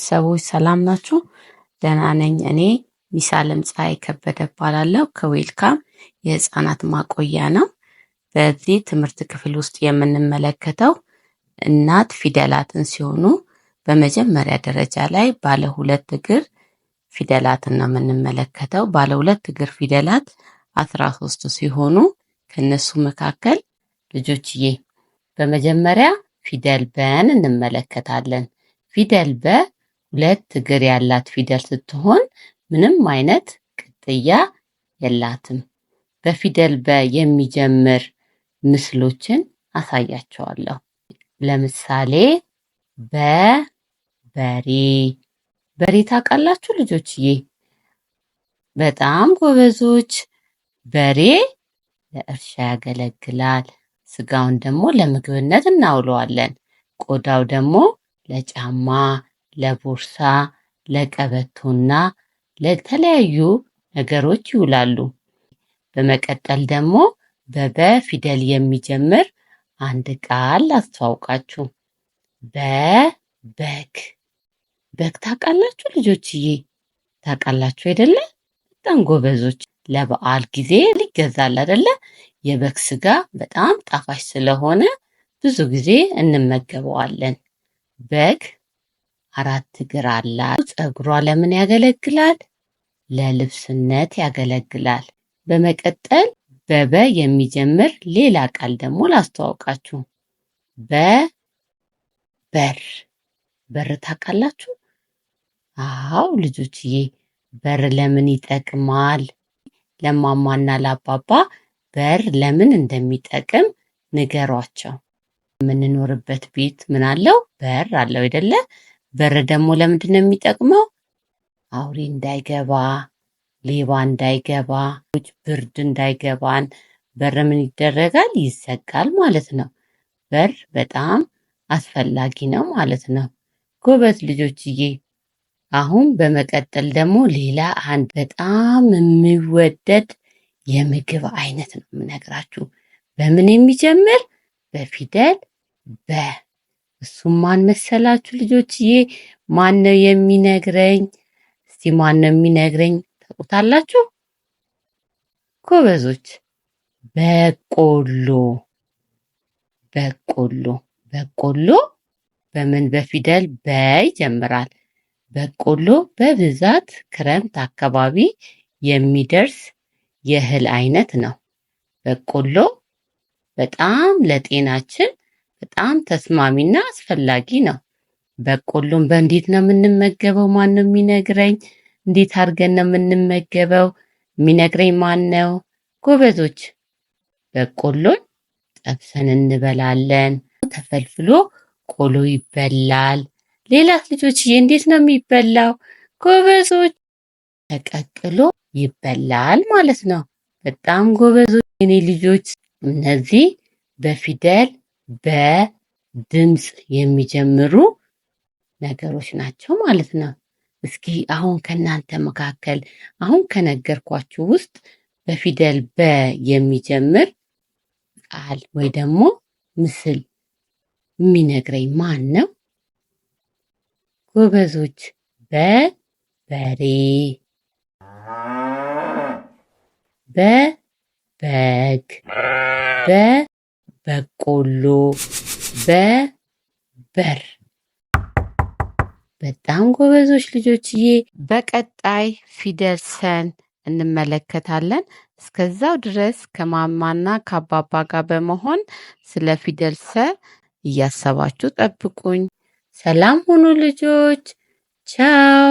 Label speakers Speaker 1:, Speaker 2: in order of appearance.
Speaker 1: ቤተሰቦች ሰላም ናችሁ? ደህና ነኝ። እኔ ሚሳለም ፀሐይ ከበደ እባላለሁ። ከዌልካም የህፃናት ማቆያ ነው። በዚህ ትምህርት ክፍል ውስጥ የምንመለከተው እናት ፊደላትን ሲሆኑ በመጀመሪያ ደረጃ ላይ ባለ ሁለት እግር ፊደላትን ነው የምንመለከተው። ባለ ሁለት እግር ፊደላት አስራ ሶስት ሲሆኑ ከነሱ መካከል ልጆችዬ በመጀመሪያ ፊደል በን እንመለከታለን። ፊደል በ ሁለት እግር ያላት ፊደል ስትሆን ምንም አይነት ቅጥያ የላትም። በፊደል በ የሚጀምር ምስሎችን አሳያቸዋለሁ። ለምሳሌ በ በሬ። በሬ ታውቃላችሁ ልጆችዬ? በጣም ጎበዞች። በሬ ለእርሻ ያገለግላል። ስጋውን ደግሞ ለምግብነት እናውለዋለን። ቆዳው ደግሞ ለጫማ ለቦርሳ፣ ለቀበቶና ለተለያዩ ነገሮች ይውላሉ። በመቀጠል ደግሞ በበ ፊደል የሚጀምር አንድ ቃል አስተዋውቃችሁ በ በግ በግ ታውቃላችሁ ልጆችዬ? ታውቃላችሁ አይደለ? በጣም ጎበዞች። ለበዓል ጊዜ ይገዛል አይደለ? የበግ ስጋ በጣም ጣፋጭ ስለሆነ ብዙ ጊዜ እንመገበዋለን። በግ አራት እግር አላት። ፀጉሯ ለምን ያገለግላል? ለልብስነት ያገለግላል። በመቀጠል በበ የሚጀምር ሌላ ቃል ደግሞ ላስተዋውቃችሁ። በ በር በር ታውቃላችሁ? አዎ ልጆችዬ፣ በር ለምን ይጠቅማል? ለማማና ለአባባ በር ለምን እንደሚጠቅም ንገሯቸው። የምንኖርበት ቤት ምን አለው? በር አለው አይደለ? በር ደግሞ ለምንድን ነው የሚጠቅመው? አውሬ እንዳይገባ፣ ሌባ እንዳይገባ፣ ብርድ እንዳይገባን በር ምን ይደረጋል? ይዘጋል ማለት ነው። በር በጣም አስፈላጊ ነው ማለት ነው። ጎበዝ ልጆችዬ። አሁን በመቀጠል ደግሞ ሌላ አንድ በጣም የሚወደድ የምግብ አይነት ነው የምነግራችሁ። በምን የሚጀምር? በፊደል በ እሱም ማን መሰላችሁ ልጆችዬ? ማን ነው የሚነግረኝ? እስቲ ማን ነው የሚነግረኝ? ታውቁታላችሁ ጎበዞች። በቆሎ በቆሎ በቆሎ በምን በፊደል በ ይጀምራል። በቆሎ በብዛት ክረምት አካባቢ የሚደርስ የእህል አይነት ነው። በቆሎ በጣም ለጤናችን በጣም ተስማሚና አስፈላጊ ነው። በቆሎን በእንዴት ነው የምንመገበው? ማን ነው የሚነግረኝ? እንዴት አድርገን ነው የምንመገበው? የሚነግረኝ ማን ነው? ጎበዞች፣ በቆሎን ጠብሰን እንበላለን። ተፈልፍሎ ቆሎ ይበላል። ሌላስ ልጆችዬ፣ እንዴት ነው የሚበላው? ጎበዞች፣ ተቀቅሎ ይበላል ማለት ነው። በጣም ጎበዞች የኔ ልጆች። እነዚህ በፊደል በድምፅ የሚጀምሩ ነገሮች ናቸው ማለት ነው። እስኪ አሁን ከእናንተ መካከል አሁን ከነገርኳችሁ ውስጥ በፊደል በ የሚጀምር ቃል ወይ ደግሞ ምስል የሚነግረኝ ማን ነው? ጎበዞች በ በግ፣ በ በቆሎ፣ በበር። በጣም ጎበዞች ልጆችዬ። በቀጣይ ፊደል ሰን እንመለከታለን። እስከዛው ድረስ ከማማና ከአባባ ጋር በመሆን ስለ ፊደል ሰ እያሰባችሁ ጠብቁኝ። ሰላም ሁኑ ልጆች፣ ቻው።